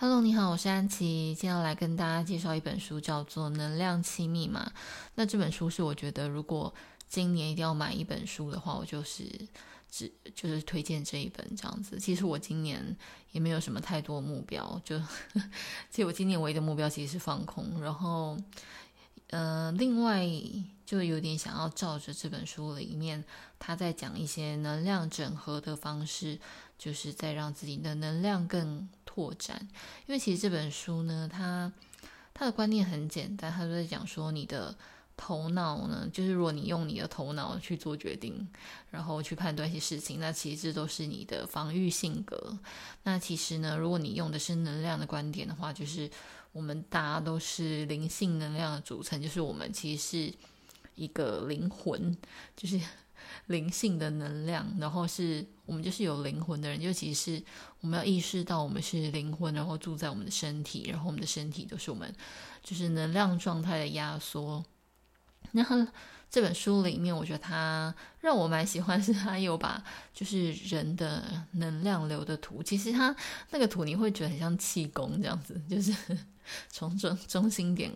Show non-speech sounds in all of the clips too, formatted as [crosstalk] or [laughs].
哈嘍，你好，我是安琪。今天要來跟大家介紹一本書，叫做《能量七密碼》。那這本書是我覺得，如果今年一定要買一本書的話，我就是只就是推薦這一本這樣子。其實我今年也沒有什麼太多目標，就， [laughs] 其實我今年唯一的目標其實是放空。然後，呃，另外就有點想要照着這本書裡面，他在講一些能量整合的方式。就是在讓自己的能量更拓展。因為其實這本書呢，它它的觀念很簡單，它就在講說你的頭腦呢，就是如果你用你的頭腦去做決定，然後去判斷一些事情，那其實這都是你的防禦性格。那其實呢，如果你用的是能量的觀點的話，就是我們大家都是靈性能量的組成，就是我們其實是一個靈魂，就是。靈性的能量，然後是我們就是有靈魂的人，就其實是我們要意識到我們是靈魂，然後住在我們的身體，然後我們的身體都是我們就是能量狀態的壓縮，然後。這本書裡面，我覺得它讓我蠻喜歡，是它有把就是人的能量流的圖。其實它那個圖你會覺得很像氣功這樣子，就是從中中心點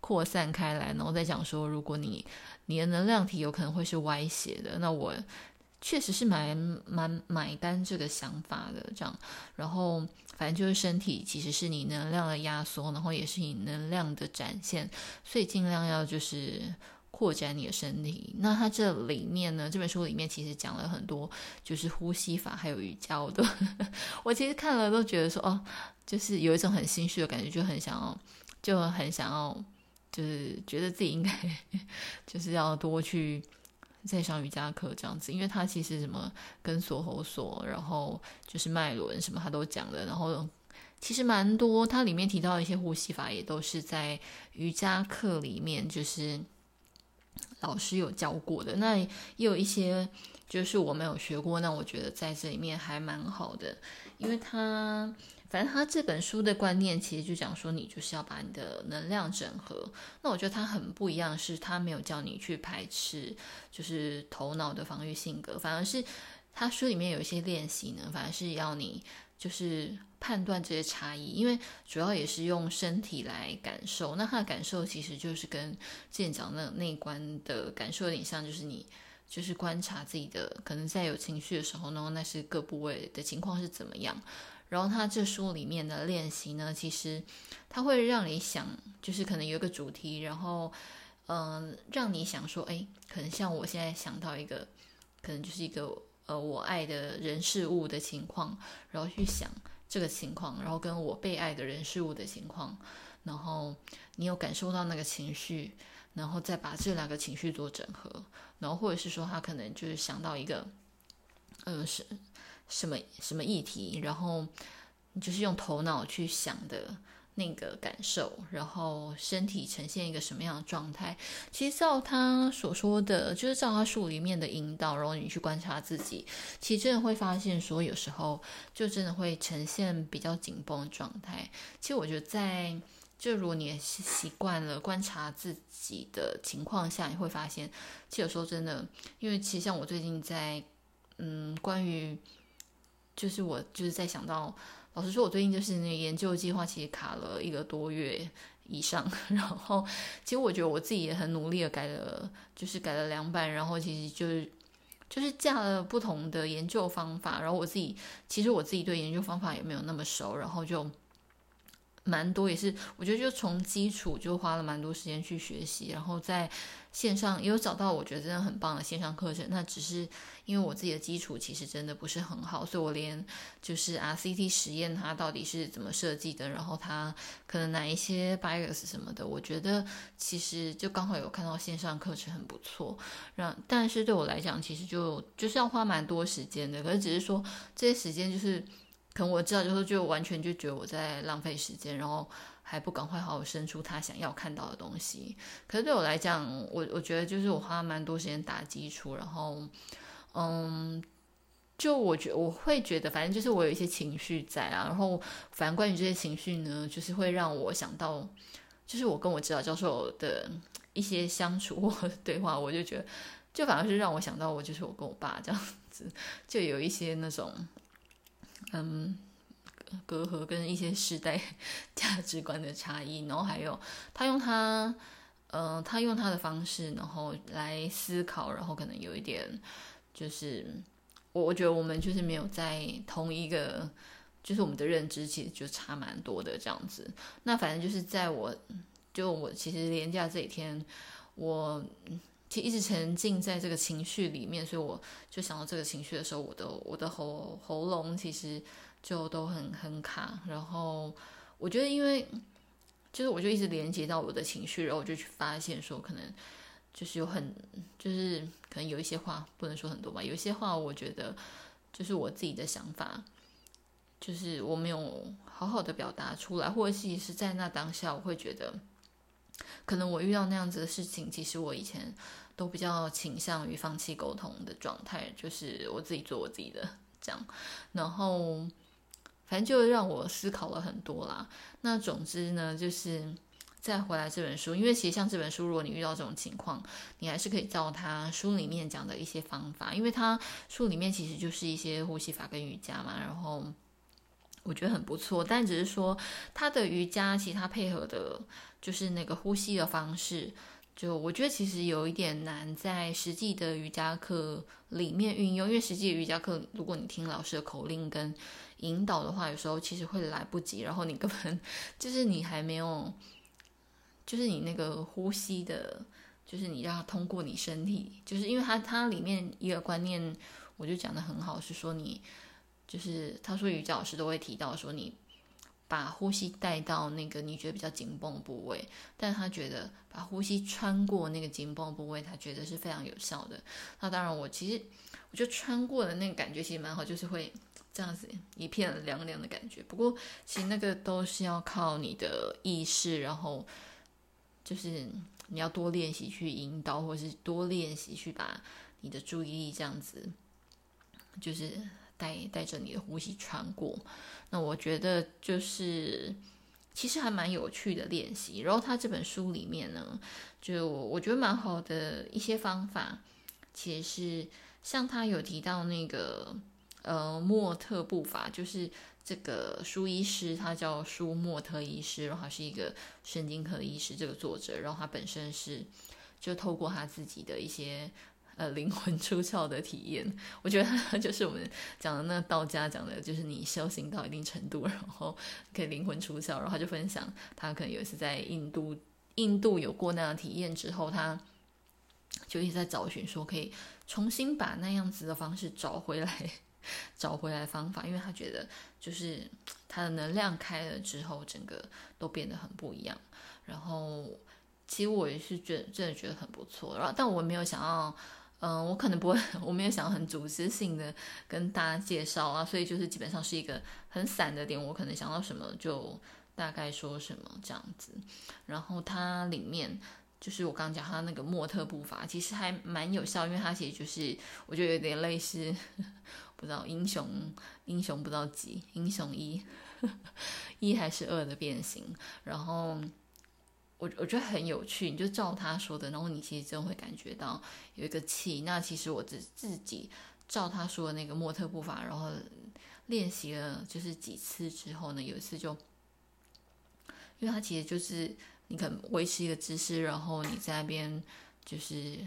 擴散開來。然後再講說，如果你你的能量體有可能會是歪斜的，那我確實是蠻買買買單這個想法的這樣。然後反正就是身體其實是你能量的壓縮，然後也是你能量的展現，所以盡量要就是。擴展你的身體。那它這裡面呢？這本書裡面其實講了很多，就是呼吸法還有瑜伽的。我 [laughs] 都我其實看了都覺得說，哦，就是有一種很心虛的感覺，就很想要，就很想要，就是覺得自己應該就是要多去再上瑜伽課這樣子。因為它其實什麼跟鎖喉鎖，然後就是脈輪什麼，它都講的。然後其實蠻多，它裡面提到的一些呼吸法也都是在瑜伽課裡面，就是。老師有教過的，那也有一些就是我沒有學過，那我覺得在這裡面還蠻好的，因為他反正他這本書的觀念其實就講說，你就是要把你的能量整合，那我覺得他很不一樣，是他沒有叫你去排斥，就是頭腦的防禦性格，反而是他書裡面有一些練習呢，反而是要你。就是判斷這些差異，因為主要也是用身體來感受。那他的感受其實就是跟之前講的那內觀的感受有點像，就是你就是觀察自己的，可能在有情緒的時候呢，然後那是各部位的情況是怎麼樣。然後他這書裡面的練習呢，其實他會讓你想，就是可能有一個主題，然後嗯、呃，讓你想說，哎，可能像我現在想到一個，可能就是一個。呃，我愛的人事物的情況，然後去想這個情況，然後跟我被愛的人事物的情況，然後你有感受到那個情緒，然後再把這兩個情緒做整合，然後或者是說他可能就是想到一個，呃，是，什麼什麼議題，然後就是用頭腦去想的。那個感受，然後身體呈現一個什麼樣的狀態？其實照他所說的，就是照他書裡面的引導，然後你去觀察自己，其實真的會發現，說有時候就真的會呈現比較緊繃的狀態。其實我覺得在，在就如果你也是習慣了觀察自己的情況下，你會發現，其實說真的，因為其實像我最近在嗯，關於就是我就是在想到。老實說，我最近就是那個研究計劃，其實卡了一個多月以上。然後，其實我覺得我自己也很努力的改了，就是改了兩版。然後，其實就是就是加了不同的研究方法。然後，我自己其實我自己對研究方法也沒有那麼熟，然後就。蠻多也是，我覺得就從基礎就花了蠻多時間去學習，然後在線上也有找到我覺得真的很棒的線上課程。那只是因為我自己的基礎其實真的不是很好，所以我連就是 RCT 實驗它到底是怎麼設計的，然後它可能哪一些 bias 什麼的，我覺得其實就剛好有看到線上課程很不錯。然，但是對我來講，其實就就是要花蠻多時間的，可是只是說這些時間就是。可能我知道教授就完全就覺得我在浪費時間，然後還不趕快好好生出他想要看到的東西。可是對我來講，我我覺得就是我花蠻多時間打基礎，然後，嗯，就我覺我會覺得，反正就是我有一些情緒在啊。然後，反正關於這些情緒呢，就是會讓我想到，就是我跟我指導教授的一些相處或對話，我就覺得，就反而是讓我想到我就是我跟我爸這樣子，就有一些那種。嗯，隔閡跟一些時代價值觀的差異，然後還有他用他，呃，他用他的方式，然後來思考，然後可能有一點，就是我我覺得我們就是沒有在同一個，就是我們的認知其實就差蠻多的這樣子。那反正就是在我，就我其實連假這幾天我。其實一直沉浸在這個情緒裡面，所以我就想到這個情緒的時候，我的我的喉喉嚨其實就都很很卡。然後我覺得，因為就是我就一直連接到我的情緒，然後我就去發現說，可能就是有很就是可能有一些話不能說很多吧，有一些話我覺得就是我自己的想法，就是我沒有好好的表達出來，或者是在那當下我會覺得。可能我遇到那樣子的事情，其實我以前都比較傾向於放棄溝通的狀態，就是我自己做我自己的這樣，然後反正就讓我思考了很多啦。那總之呢，就是再回來這本書，因為其實像這本書，如果你遇到這種情況，你還是可以照它書裡面講的一些方法，因為它書裡面其實就是一些呼吸法跟瑜伽嘛，然後。我覺得很不錯，但只是說他的瑜伽，其實他配合的就是那個呼吸的方式。就我覺得其實有一點難在實際的瑜伽課裡面運用，因為實際瑜伽課，如果你聽老師的口令跟引導的話，有時候其實會來不及，然後你根本就是你還沒有，就是你那個呼吸的，就是你讓它通過你身體，就是因為它它裡面一個觀念，我就講得很好，是說你。就是他說瑜伽老師都會提到說，你把呼吸帶到那個你覺得比較緊繃部位，但他覺得把呼吸穿過那個緊繃部位，他覺得是非常有效的。那當然，我其實我覺得穿過的那個感覺其實蠻好，就是會這樣子一片涼涼的感覺。不過其實那個都是要靠你的意識，然後就是你要多練習去引導，或是多練習去把你的注意力這樣子，就是。帶帶着你的呼吸穿過，那我覺得就是其實還蠻有趣的練習。然後他這本書裡面呢，就我覺得蠻好的一些方法，其實是像他有提到那個呃莫特步伐，就是這個蘇醫師，他叫蘇莫特醫師，然後他是一個神經科醫師，這個作者，然後他本身是就透過他自己的一些。呃，靈魂出竅的體驗，我覺得他就是我們講的那道家講的，就是你修行到一定程度，然後可以靈魂出竅。然後他就分享，他可能有一次在印度，印度有過那樣的體驗之後，他就一直在找尋，說可以重新把那樣子的方式找回來，找回來的方法，因為他覺得就是他的能量開了之後，整個都變得很不一樣。然後其實我也是覺得，真的覺得很不錯。然後但我沒有想要。嗯、呃，我可能不會，我沒有想到很組織性的跟大家介紹啊，所以就是基本上是一個很散的點，我可能想到什麼就大概說什麼這樣子。然後它裡面就是我剛剛講它那個模特步伐，其實還蠻有效，因為它其實就是我覺得有點類似，不知道英雄英雄不知道幾英雄一一還是二的變形，然後。我我覺得很有趣，你就照他說的，然後你其實真會感覺到有一個氣。那其實我自自己照他說的那個模特步伐，然後練習了就是幾次之後呢，有一次就，因為他其實就是你可能維持一個姿勢，然後你在那邊就是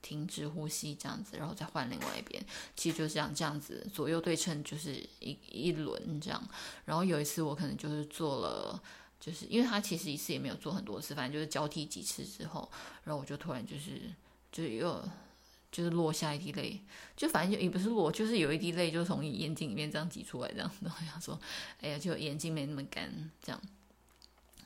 停止呼吸這樣子，然後再換另外一邊，其實就這樣這樣子左右對稱就是一一輪這樣。然後有一次我可能就是做了。就是因為他其實一次也沒有做很多次，反正就是交替幾次之後，然後我就突然就是就又就是落下一滴淚，就反正也不是落，就是有一滴淚就從眼睛裡面這樣擠出來，這樣，然後想說，哎呀，就眼睛沒那麼乾，這樣，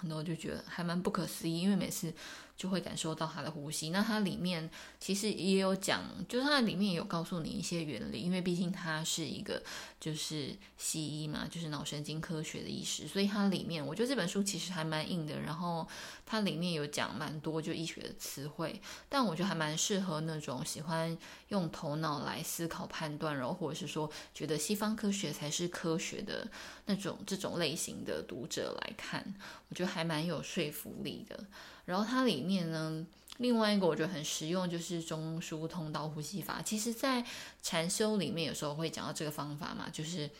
然後就覺得還蠻不可思議，因為每次。就會感受到他的呼吸。那它裡面其實也有講，就是它裡面也有告訴你一些原理，因為畢竟它是一個就是西醫嘛，就是腦神經科學的醫師，所以它裡面我覺得這本書其實還蠻硬的。然後它裡面有講蠻多就醫學的詞彙，但我覺得還蠻適合那種喜歡用頭腦來思考判斷，然後或者是說覺得西方科學才是科學的那種這種類型的讀者來看，我覺得還蠻有說服力的。然後它裡面呢，另外一個我覺得很實用，就是中樞通道呼吸法。其實，在禪修裡面有時候會講到這個方法嘛，就是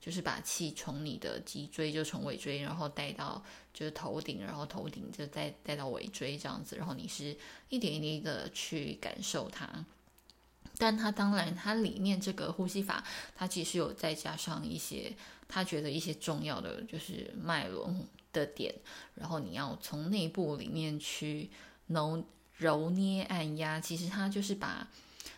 就是把氣從你的脊椎就從尾椎，然後帶到就是頭頂，然後頭頂就再帶，帶到尾椎這樣子，然後你是一點一滴的去感受它。但它當然，它裡面這個呼吸法，它其實有再加上一些，他覺得一些重要的就是脈輪的點，然後你要從內部裡面去揉揉捏按壓，其實它就是把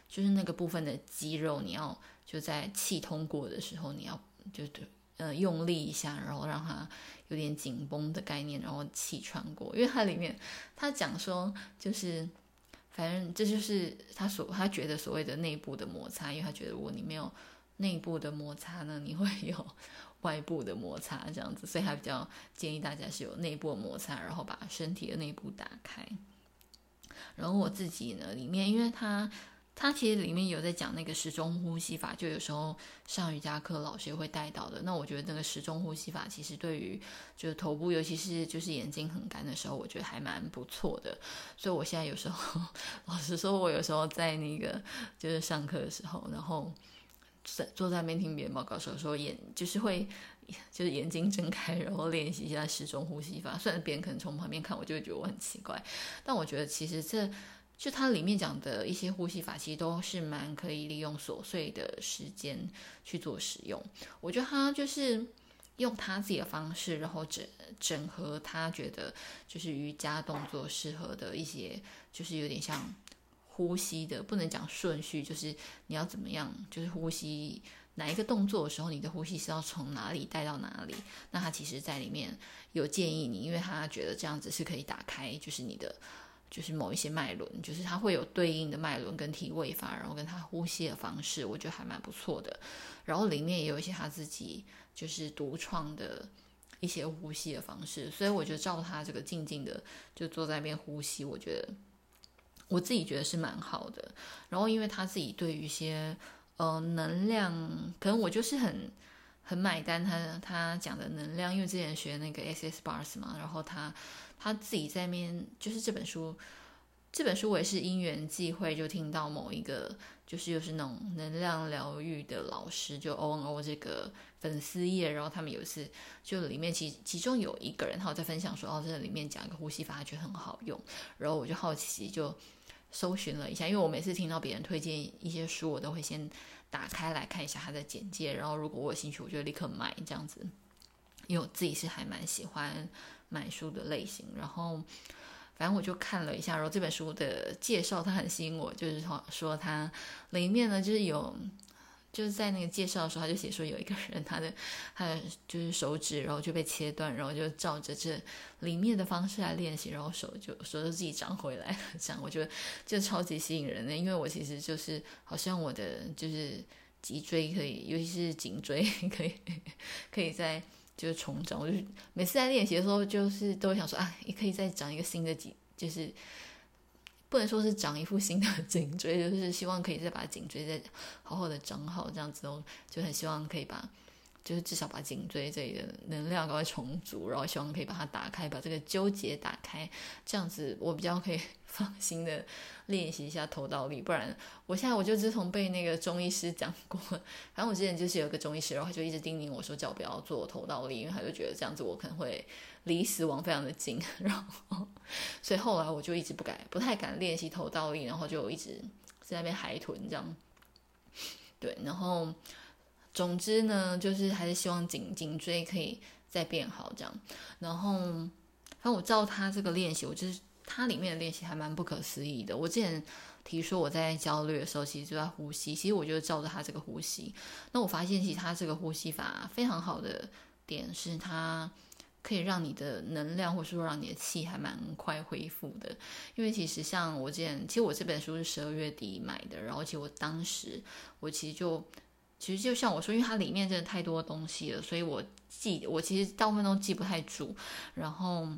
就是那個部分的肌肉，你要就在氣通過的時候，你要就對呃用力一下，然後讓它有點緊繃的概念，然後氣穿過，因為它裡面他講說就是。反正這就是他所他覺得所謂的內部的摩擦，因為他覺得如果你沒有內部的摩擦呢，你會有外部的摩擦這樣子，所以他比較建議大家是有內部的摩擦，然後把身體的內部打開。然後我自己呢，裡面因為他。它其實裡面有在講那個時鐘呼吸法，就有時候上瑜伽課老師也會帶到的。那我覺得那個時鐘呼吸法其實對於就是頭部，尤其是就是眼睛很乾的時候，我覺得還蠻不錯的。所以我現在有時候，老實說，我有時候在那個就是上課的時候，然後坐坐在那邊聽別人報告的時候說眼，眼就是會就是眼睛睜開，然後練習一下時鐘呼吸法。雖然別人可能從旁邊看，我就會覺得我很奇怪，但我覺得其實這。就它裡面講的一些呼吸法，其實都是蠻可以利用瑣碎的時間去做使用。我覺得他就是用他自己的方式，然後整整合他覺得就是瑜伽動作適合的一些，就是有點像呼吸的，不能講順序，就是你要怎麼樣，就是呼吸哪一個動作的時候，你的呼吸是要從哪裡帶到哪裡。那他其實在裡面有建議你，因為他覺得這樣子是可以打開，就是你的。就是某一些脈輪，就是它會有對應的脈輪跟體位法，然後跟他呼吸的方式，我覺得還蠻不錯的。然後裡面也有一些他自己就是獨創的一些呼吸的方式，所以我覺得照他這個靜靜的就坐在那邊呼吸，我覺得我自己覺得是蠻好的。然後因為他自己對於一些嗯、呃、能量，可能我就是很很買單他他講的能量，因為之前學那個 SS bars 嘛，然後他。他自己在面就是這本書，這本書我也是因緣際會就聽到某一個就是又是那種能量療癒的老師就 O N O 這個粉絲頁，然後他們有一次就裡面其其中有一個人然後我在分享說哦這裡面講一個呼吸法，他覺得很好用，然後我就好奇就搜尋了一下，因為我每次聽到別人推薦一些書，我都會先打開來看一下它的簡介，然後如果我有興趣，我就立刻買這樣子，因為我自己是還蠻喜歡。買書的類型，然後反正我就看了一下，然後這本書的介紹，它很吸引我，就是說它裡面呢，就是有，就是在那個介紹的時候，他就寫說有一個人，他的他的就是手指，然後就被切斷，然後就照着這裡面的方式來練習，然後手就手就自己長回來了。這樣我覺得就超級吸引人的，因為我其實就是好像我的就是脊椎，可以，尤其是頸椎可以可以在。就是重長，我就每次在練習的時候，就是都想說啊，也可以再長一個新的頸，就是不能說是長一副新的頸椎，就是希望可以再把頸椎再好好的長好，這樣子，哦，就很希望可以把。就是至少把頸椎這裡的能量搞個重組，然後希望可以把它打開，把這個糾結打開，這樣子我比較可以放心的練習一下頭倒立。不然我現在我就自從被那個中醫師講過，反正我之前就是有一個中醫師，然後他就一直叮嚀我說，叫我不要做頭倒立，因為他就覺得這樣子我可能會離死亡非常的近。然後，所以後來我就一直不敢，不太敢練習頭倒立，然後就一直在那邊海豚這樣，對，然後。總之呢，就是還是希望頸頸椎可以再變好這樣。然後，反正我照他這個練習，我就是它裡面的練習還蠻不可思議的。我之前提說我在焦慮的時候，其實就在呼吸。其實我就照着他這個呼吸，那我發現其實他這個呼吸法非常好的點是，它可以讓你的能量，或者說讓你的氣，還蠻快恢復的。因為其實像我之前，其實我這本書是十二月底買的，然後其實我當時，我其實就。其實就像我說，因為它裡面真的太多東西了，所以我記我其實大部分都記不太住，然後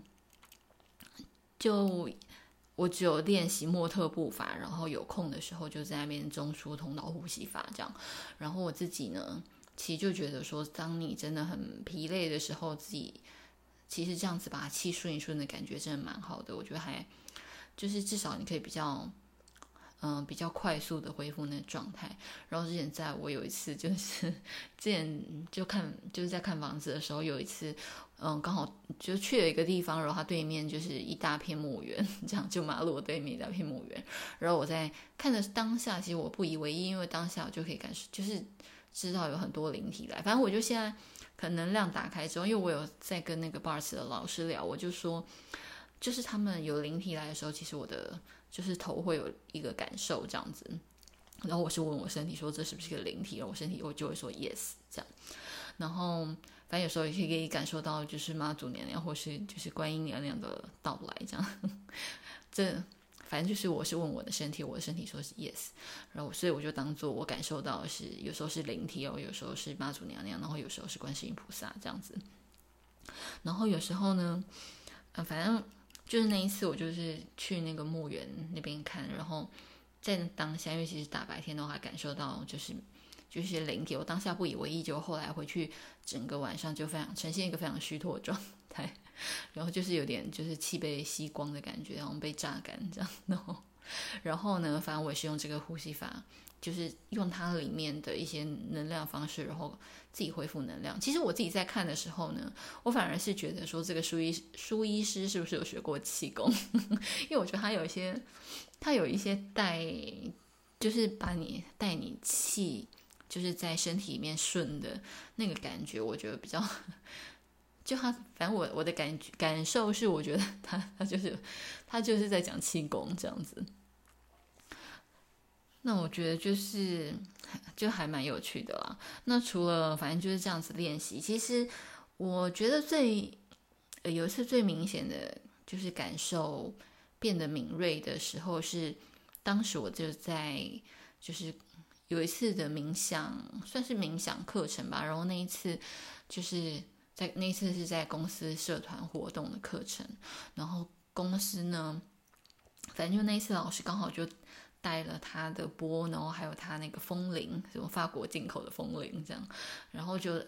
就我只有練習莫特步伐，然後有空的時候就在那邊中樞通道呼吸法這樣，然後我自己呢，其實就覺得說，當你真的很疲累的時候，自己其實這樣子把氣順一順的感覺真的蠻好的，我覺得還就是至少你可以比較。嗯，比較快速的恢復那狀態。然後之前在我有一次就是之前就看就是在看房子的時候，有一次嗯，剛好就去了一個地方，然後它對面就是一大片墓園，這樣就馬路對面一大片墓園。然後我在看的當下，其實我不以為意，因為當下我就可以感受，就是知道有很多靈體來。反正我就現在可能能量打開之後，因為我有在跟那個巴爾 s 的老師聊，我就說，就是他們有靈體來的時候，其實我的。就是頭會有一個感受這樣子，然後我是問我身體說，這是不是個靈體，然後我身體我就會說 yes 這樣，然後反正有時候也可以感受到就是媽祖娘娘或是就是觀音娘娘的到來這樣，呵呵，這反正就是我是問我的身體，我的身體說是 yes，然後所以我就當做我感受到是有時候是靈體哦，有時候是媽祖娘娘，然後有時候是觀世音菩薩這樣子，然後有時候呢，嗯、呃，反正。就是那一次，我就是去那個墓園那邊看，然後在當下，因為其實大白天的話，感受到、就是，就是就是靈氣，我當下不以為意，就後來回去，整個晚上就非常呈現一個非常虛脫狀態，然後就是有點就是氣被吸光的感覺，然後被榨乾這樣。然後然後呢，反正我也是用這個呼吸法。就是用它裡面的一些能量方式，然後自己恢復能量。其實我自己在看的時候呢，我反而是覺得說這個蘇醫蘇醫師是不是有學過氣功？ [laughs] 因為我覺得他有一些，他有一些帶，就是把你帶你氣，就是在身體裡面順的那個感覺，我覺得比較。就他，反正我我的感覺感受是，我覺得他他就是他就是在講氣功這樣子。那我覺得就是，就還蠻有趣的啦。那除了反正就是這樣子練習，其實我覺得最呃有一次最明顯的就是感受變得敏銳的時候是，當時我就在就是有一次的冥想，算是冥想課程吧。然後那一次就是在那一次是在公司社團活動的課程，然後公司呢，反正就那一次老師剛好就。帶了他的缽，然後還有他那個風鈴，什麼法國進口的風鈴，這樣，然後就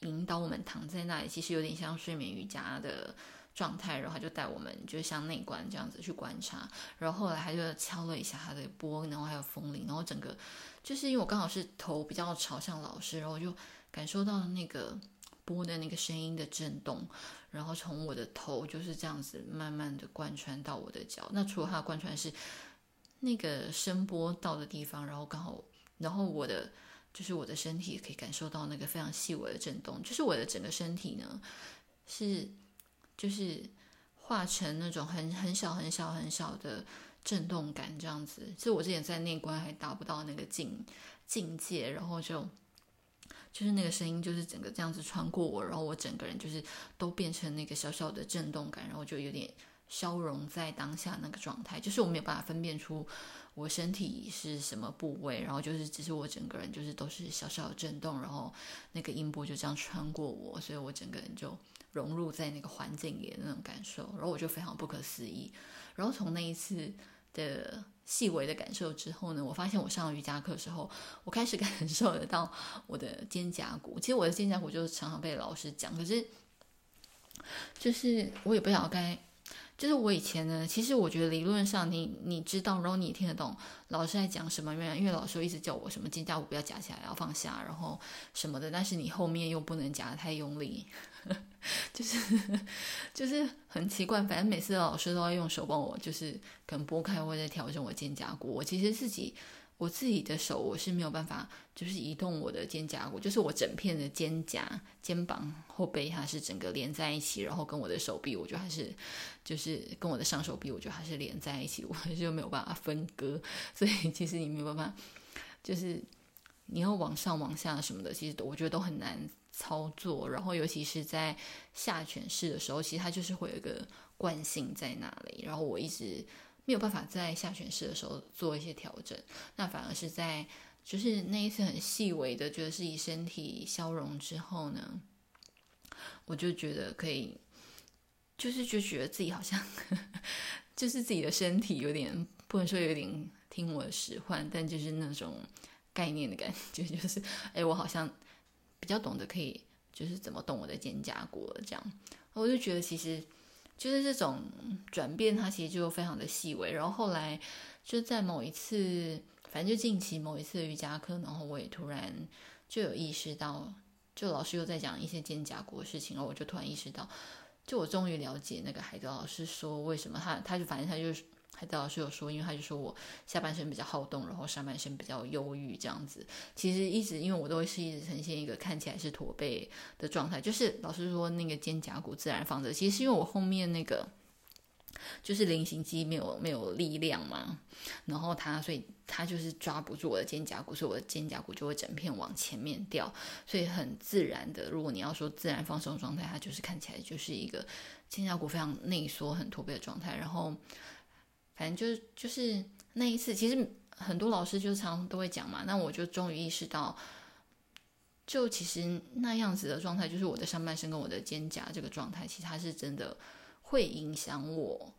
引導我們躺在那裡，其實有點像睡眠瑜伽的狀態。然後他就帶我們，就像內觀這樣子去觀察。然後後來他就敲了一下他的缽，然後還有風鈴，然後整個就是因為我剛好是頭比較朝向老師，然後就感受到那個缽的那個聲音的震動，然後從我的頭就是這樣子慢慢的貫穿到我的腳。那除了他的貫穿是。那個聲波到的地方，然後剛好，然後我的就是我的身體可以感受到那個非常細微的震動，就是我的整個身體呢是，就是化成那種很很小很小很小的震動感這樣子。所以我之前在內觀還達不到那個境境界，然後就就是那個聲音就是整個這樣子穿過我，然後我整個人就是都變成那個小小的震動感，然後就有點。消融在當下那個狀態，就是我沒有辦法分辨出我身體是什麼部位，然後就是只是我整個人就是都是小小的震動，然後那個音波就這樣穿過我，所以我整個人就融入在那個環境裡的那種感受，然後我就非常不可思議。然後從那一次的細微的感受之後呢，我發現我上了瑜伽課的時候，我開始感受得到我的肩胛骨。其實我的肩胛骨就常常被老師講，可是就是我也不曉得該。就是我以前呢，其實我覺得理論上你，你你知道，然後你聽得懂老師在講什麼原，原因為老師會一直叫我什麼肩胛骨不要夾起來，要放下，然後什麼的，但是你後面又不能夾得太用力， [laughs] 就是就是很奇怪，反正每次老師都要用手幫我，就是可能撥開或者調整我肩胛骨，我其實自己。我自己的手我是沒有辦法，就是移動我的肩胛骨，就是我整片的肩胛、肩膀、後背它是整個連在一起，然後跟我的手臂，我覺得還是，就是跟我的上手臂，我覺得還是連在一起，我就沒有辦法分割。所以其實你沒有辦法，就是你要往上、往下什麼的，其實我覺得都很難操作。然後尤其是在下犬式的時候，其實它就是會有一個慣性在那裡，然後我一直。沒有辦法在下犬式的時候做一些調整，那反而是在就是那一次很細微的覺得自己身體消融之後呢，我就覺得可以，就是就覺得自己好像 [laughs] 就是自己的身體有點不能說有點聽我使喚，但就是那種概念的感覺，就是哎，我好像比較懂得可以就是怎麼動我的肩胛骨了，這樣我就覺得其實。就是這種轉變，它其實就非常的細微。然後後來，就在某一次，反正就近期某一次瑜伽課，然後我也突然就有意識到，就老師又在講一些肩胛骨的事情，然後我就突然意識到，就我終於了解那個海德老師說為什麼他，他就反正他就是。還到老師有說，因為他就說我下半身比較好動，然後上半身比較憂鬱這樣子。其實一直因為我都會是一直呈現一個看起來是駝背的狀態，就是老師說那個肩胛骨自然放着，其實是因為我後面那個就是菱形肌沒有沒有力量嘛，然後他所以他就是抓不住我的肩胛骨，所以我的肩胛骨就會整片往前面掉，所以很自然的，如果你要說自然放鬆狀態，它就是看起來就是一個肩胛骨非常內縮很駝背的狀態，然後。反正就是就是那一次，其實很多老師就常常都會講嘛。那我就終於意識到，就其實那樣子的狀態，就是我的上半身跟我的肩胛這個狀態，其實它是真的會影響我。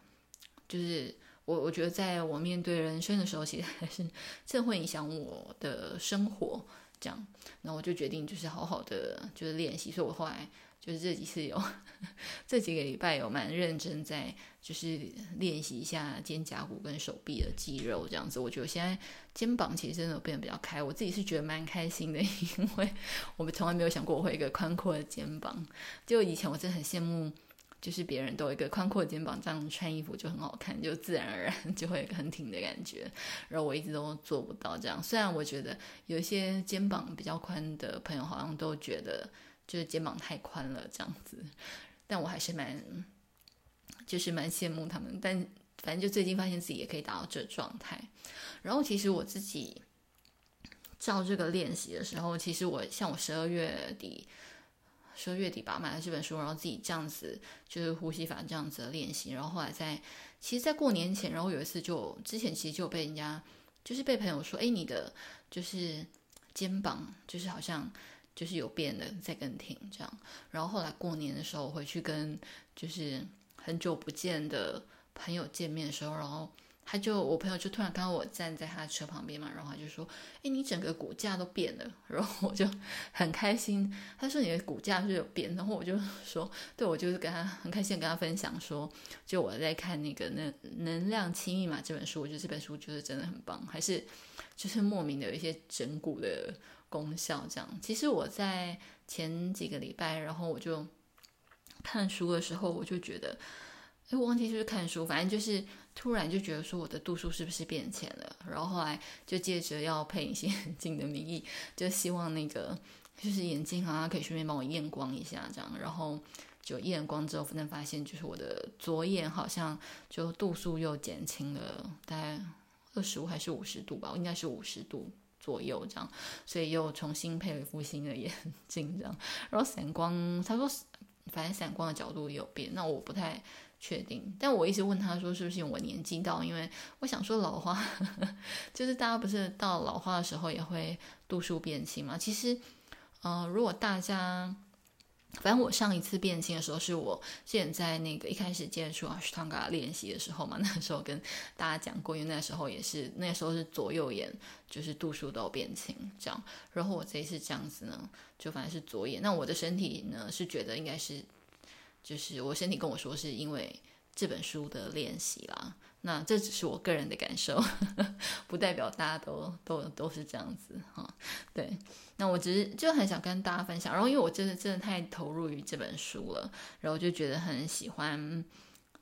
就是我我覺得，在我面對人生的時候，其實還是真的會影響我的生活。這樣，那我就決定就是好好的就是練習。所以我後來。就是這幾次有這幾個禮拜有蠻認真在，就是練習一下肩胛骨跟手臂的肌肉這樣子。我覺得現在肩膀其實真的變得比較開，我自己是覺得蠻開心的，因為我從來沒有想過我會一個寬闊的肩膀。就以前我真的很羨慕，就是別人都有一個寬闊的肩膀，這樣穿衣服就很好看，就自然而然就會很挺的感覺。然後我一直都做不到這樣，雖然我覺得有一些肩膀比較寬的朋友好像都覺得。就是肩膀太寬了這樣子，但我還是蠻，就是蠻羨慕他們。但反正就最近發現自己也可以達到這狀態。然後其實我自己照這個練習的時候，其實我像我十二月底，十二月底吧，買了這本書，然後自己這樣子就是呼吸法這樣子的練習。然後後來在，其實，在過年前，然後有一次就之前其實就被人家就是被朋友說：“誒、欸，你的就是肩膀就是好像。”就是有變的，在跟停這樣，然後後來過年的時候我回去跟就是很久不見的朋友見面的時候，然後他就我朋友就突然看到我站在他的車旁邊嘛，然後他就說：“誒，你整個骨架都變了。”然後我就很開心。他說：“你的骨架是有變。”然後我就說：“對，我就是跟他很開心，跟他分享說，就我在看那個能《能能量七密碼》這本書，我覺得這本書就是真的很棒，還是就是莫名的有一些整骨的。”功效這樣，其實我在前幾個禮拜，然後我就看書的時候，我就覺得，哎，忘記就是看書，反正就是突然就覺得說我的度數是不是變淺了，然後後來就借着要配隱形眼鏡的名義，就希望那個就是眼鏡啊可以順便幫我驗光一下這樣，然後就驗光之後，發現就是我的左眼好像就度數又減輕了大概二十五還是五十度吧，應該是五十度。左右這樣，所以又重新配了一副新的眼鏡這樣，然後散光他說反正散光的角度有變，那我不太確定。但我一直問他說是不是因為我年紀到，因為我想說老花，呵呵就是大家不是到老花的時候也會度數變輕嘛？其實，嗯、呃，如果大家。反正我上一次變輕的時候，是我現在那個一開始接觸阿斯湯嘎練習的時候嘛，那時候跟大家講過，因為那時候也是，那時候是左右眼就是度數都變輕這樣，然後我這一次這樣子呢，就反正是左眼，那我的身體呢，是覺得應該是，就是我身體跟我說是因為。這本書的練習啦，那這只是我個人的感受，呵呵，不代表大家都都都是這樣子哈。對，那我只是就很想跟大家分享，然後因為我真的真的太投入於這本書了，然後就覺得很喜歡。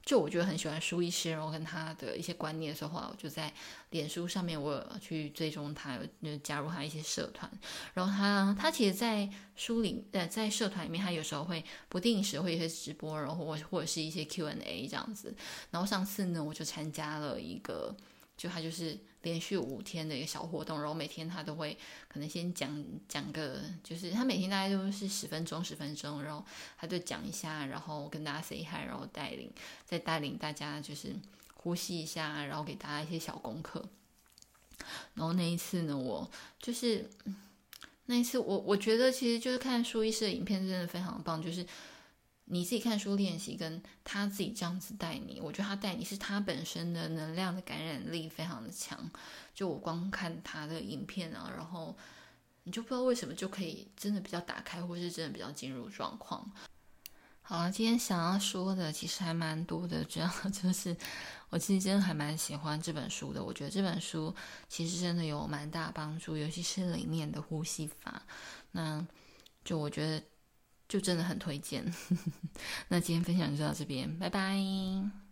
就我覺得很喜歡蘇醫師，然後跟他的一些觀念的時候，後來我就在臉書上面，我有去追蹤他，就加入他一些社團。然後他他其實，在書裡呃，在社團裡面，他有時候會不定時會一些直播，然後或或者是一些 Q&A 這樣子。然後上次呢，我就參加了一個，就他就是。連續五天的一個小活動，然後每天他都會可能先講講個，就是他每天大概都是十分鐘十分鐘，然後他就講一下，然後跟大家 say hi，然後帶領再帶領大家就是呼吸一下，然後給大家一些小功課。然後那一次呢，我就是那一次我我覺得其實就是看蘇醫師的影片真的非常的棒，就是。你自己看書練習，跟他自己這樣子帶你，我覺得他帶你是他本身的能量的感染力非常的強。就我光看他的影片啊，然後你就不知道為什麼就可以真的比較打開，或是真的比較進入狀況。好了，今天想要說的其實還蠻多的，主要就是我其實真的還蠻喜歡這本書的。我覺得這本書其實真的有蠻大幫助，尤其是裡面的呼吸法。那就我覺得。就真的很推薦。呵呵，那今天分享就到這邊，拜拜。